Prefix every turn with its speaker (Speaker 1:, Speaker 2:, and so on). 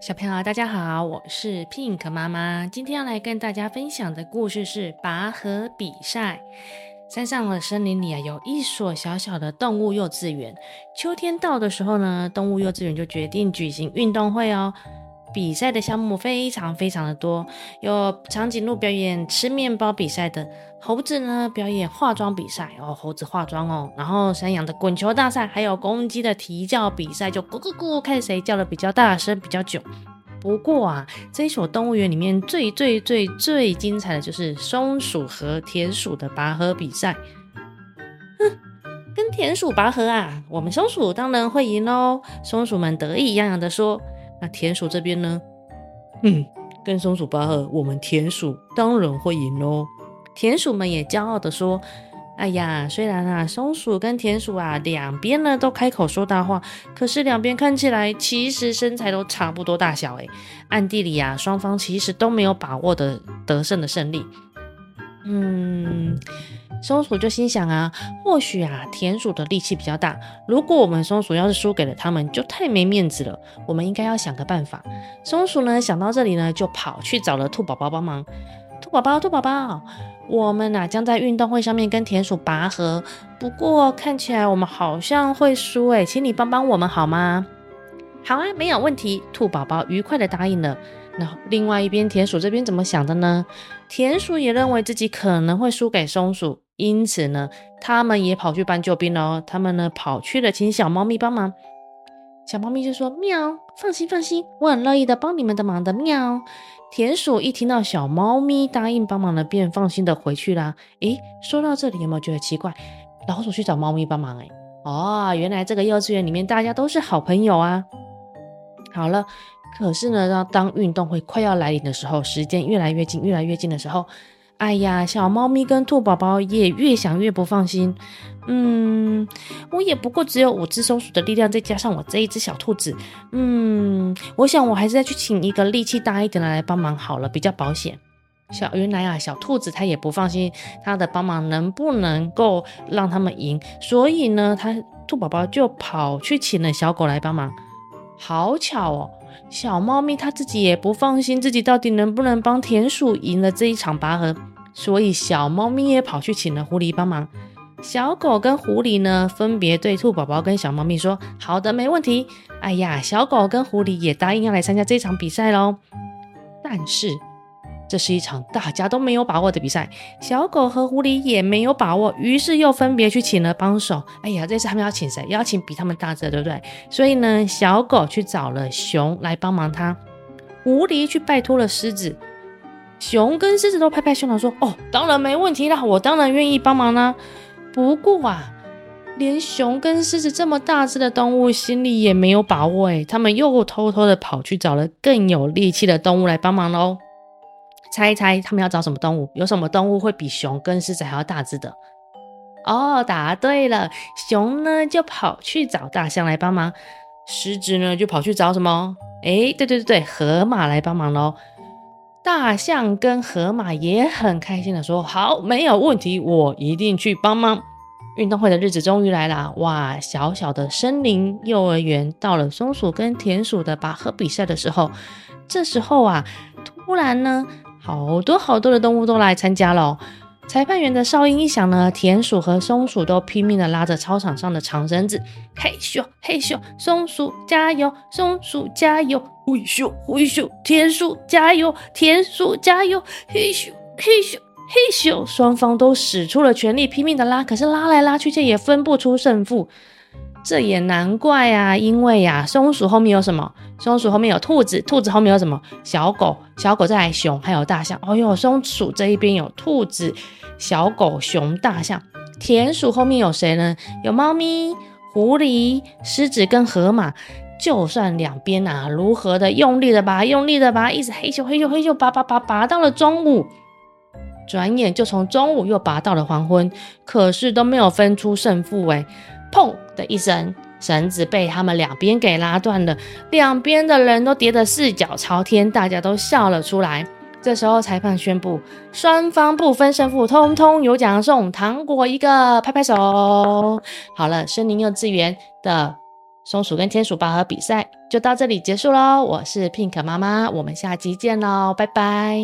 Speaker 1: 小朋友，大家好，我是 Pink 媽媽。今天要來跟大家分享的故事是拔河比賽。山上的森林裡啊，有一所小小的動物幼稚園。秋天到的時候呢，動物幼稚園就決定舉行運動會哦。比賽的項目非常非常的多，有長頸鹿表演吃麵包比賽的，猴子呢表演化妝比賽哦，猴子化妝哦，然後山羊的滾球大賽，還有公雞的啼叫比賽，就咕咕咕，看誰叫的比較大聲，比較久。不過啊，這一所動物園裡面最最最最精彩的就是松鼠和田鼠的拔河比賽。哼，跟田鼠拔河啊，我們松鼠當然會贏嘍，松鼠們得意洋洋的說。那田鼠這邊呢？嗯，跟松鼠拔河，我們田鼠當然會贏嘍，哦。田鼠們也驕傲的說：“哎呀，雖然啊，松鼠跟田鼠啊兩邊呢都開口說大話，可是兩邊看起來其實身材都差不多大小，欸。哎，暗地裡啊，雙方其實都沒有把握的得，得勝的勝利。”嗯，松鼠就心想啊，或許啊，田鼠的力氣比較大。如果我們松鼠要是輸給了他們，就太沒面子了。我們應該要想個辦法。松鼠呢，想到這裡呢，就跑去找了兔寶寶幫忙。兔寶寶，兔寶寶，我們啊，將在運動會上面跟田鼠拔河，不過看起來我們好像會輸，哎，請你幫幫我們好嗎？好啊，沒有問題。兔寶寶愉快地答應了。另外一邊，田鼠這邊怎麼想的呢？田鼠也認為自己可能會輸給松鼠，因此呢，他們也跑去搬救兵囉。他們呢跑去了，請小貓咪幫忙。小貓咪就說：喵，放心放心，我很樂意的幫你們的忙的。喵。田鼠一聽到小貓咪答應幫忙了，便放心的回去啦。哎、欸，說到這裡，有沒有覺得奇怪？老鼠去找貓咪幫忙、欸？哎，哦，原來這個幼稚園裡面大家都是好朋友啊。好了。可是呢，要當運動會快要來臨的時候，時間越來越近，越來越近的時候，哎呀，小貓咪跟兔寶寶也越想越不放心。嗯，我也不過只有五隻松鼠的力量，再加上我這一隻小兔子，嗯，我想我還是再去請一個力氣大一點的來幫忙好了，比較保險。小原來啊，小兔子它也不放心它的幫忙能不能夠讓他們贏，所以呢，它兔寶寶就跑去請了小狗來幫忙。好巧哦！小貓咪它自己也不放心自己到底能不能幫田鼠贏了這一場拔河，所以小貓咪也跑去請了狐狸幫忙。小狗跟狐狸呢，分別對兔寶寶跟小貓咪說：“好的，沒問題。”哎呀，小狗跟狐狸也答應要來參加這場比賽嘍。但是。這是一場大家都沒有把握的比賽，小狗和狐狸也沒有把握，於是又分別去請了幫手。哎呀，這次他們要請誰？邀請比他們大只，對不對？所以呢，小狗去找了熊來幫忙他，它狐狸去拜托了獅子。熊跟獅子都拍拍胸膛說：“哦，當然沒問題啦，我當然願意幫忙啦、啊。”不過啊，連熊跟獅子這麼大只的動物心裡也沒有把握哎、欸，他們又偷偷的跑去找了更有力氣的動物來幫忙嘍。猜一猜，他們要找什麼動物？有什麼動物會比熊跟獅子還要大隻的？哦、oh，答對了！熊呢就跑去找大象來幫忙，獅子呢就跑去找什麼？哎，對對對對，河馬來幫忙嘍！大象跟河馬也很開心的說：“好，沒有問題，我一定去幫忙。”運動會的日子終於來了！哇，小小的森林幼兒園到了松鼠跟田鼠的拔河比賽的時候，這時候啊，突然呢。好多好多的動物都來參加了喔。裁判員的哨音一響呢，田鼠和松鼠都拼命的拉着操場上的長繩子。嘿咻嘿咻，松鼠加油，松鼠加油！嘿咻嘿咻，田鼠加油，田鼠加油！嘿咻嘿咻嘿咻，嘿咻嘿咻，雙方都使出了全力，拼命的拉，可是拉來拉去卻也分不出勝負。這也難怪啊，因為呀、啊，松鼠後面有什麼？松鼠後面有兔子，兔子後面有什麼？小狗，小狗在熊，還有大象。哦喲，松鼠這一邊有兔子、小狗、熊、大象。田鼠後面有誰呢？有貓咪、狐狸、獅，獅子跟河馬。就算兩邊啊，如何的用力的拔，用力的拔，一直嘿咻嘿咻嘿咻拔拔拔，拔到了中午，轉眼就從中午又拔到了黃昏，可是都沒有分出勝負哎、欸，砰！的一聲，繩子被他們兩邊給拉斷了，兩邊的人都跌得四腳朝天，大家都笑了出來。這時候裁判宣布雙方不分勝負，通通有獎送糖果一個，拍拍手。好了，森林幼稚園的松鼠跟田鼠拔河比賽就到這裡結束嘍。我是 Pink 媽媽，我們下期見嘍，拜拜。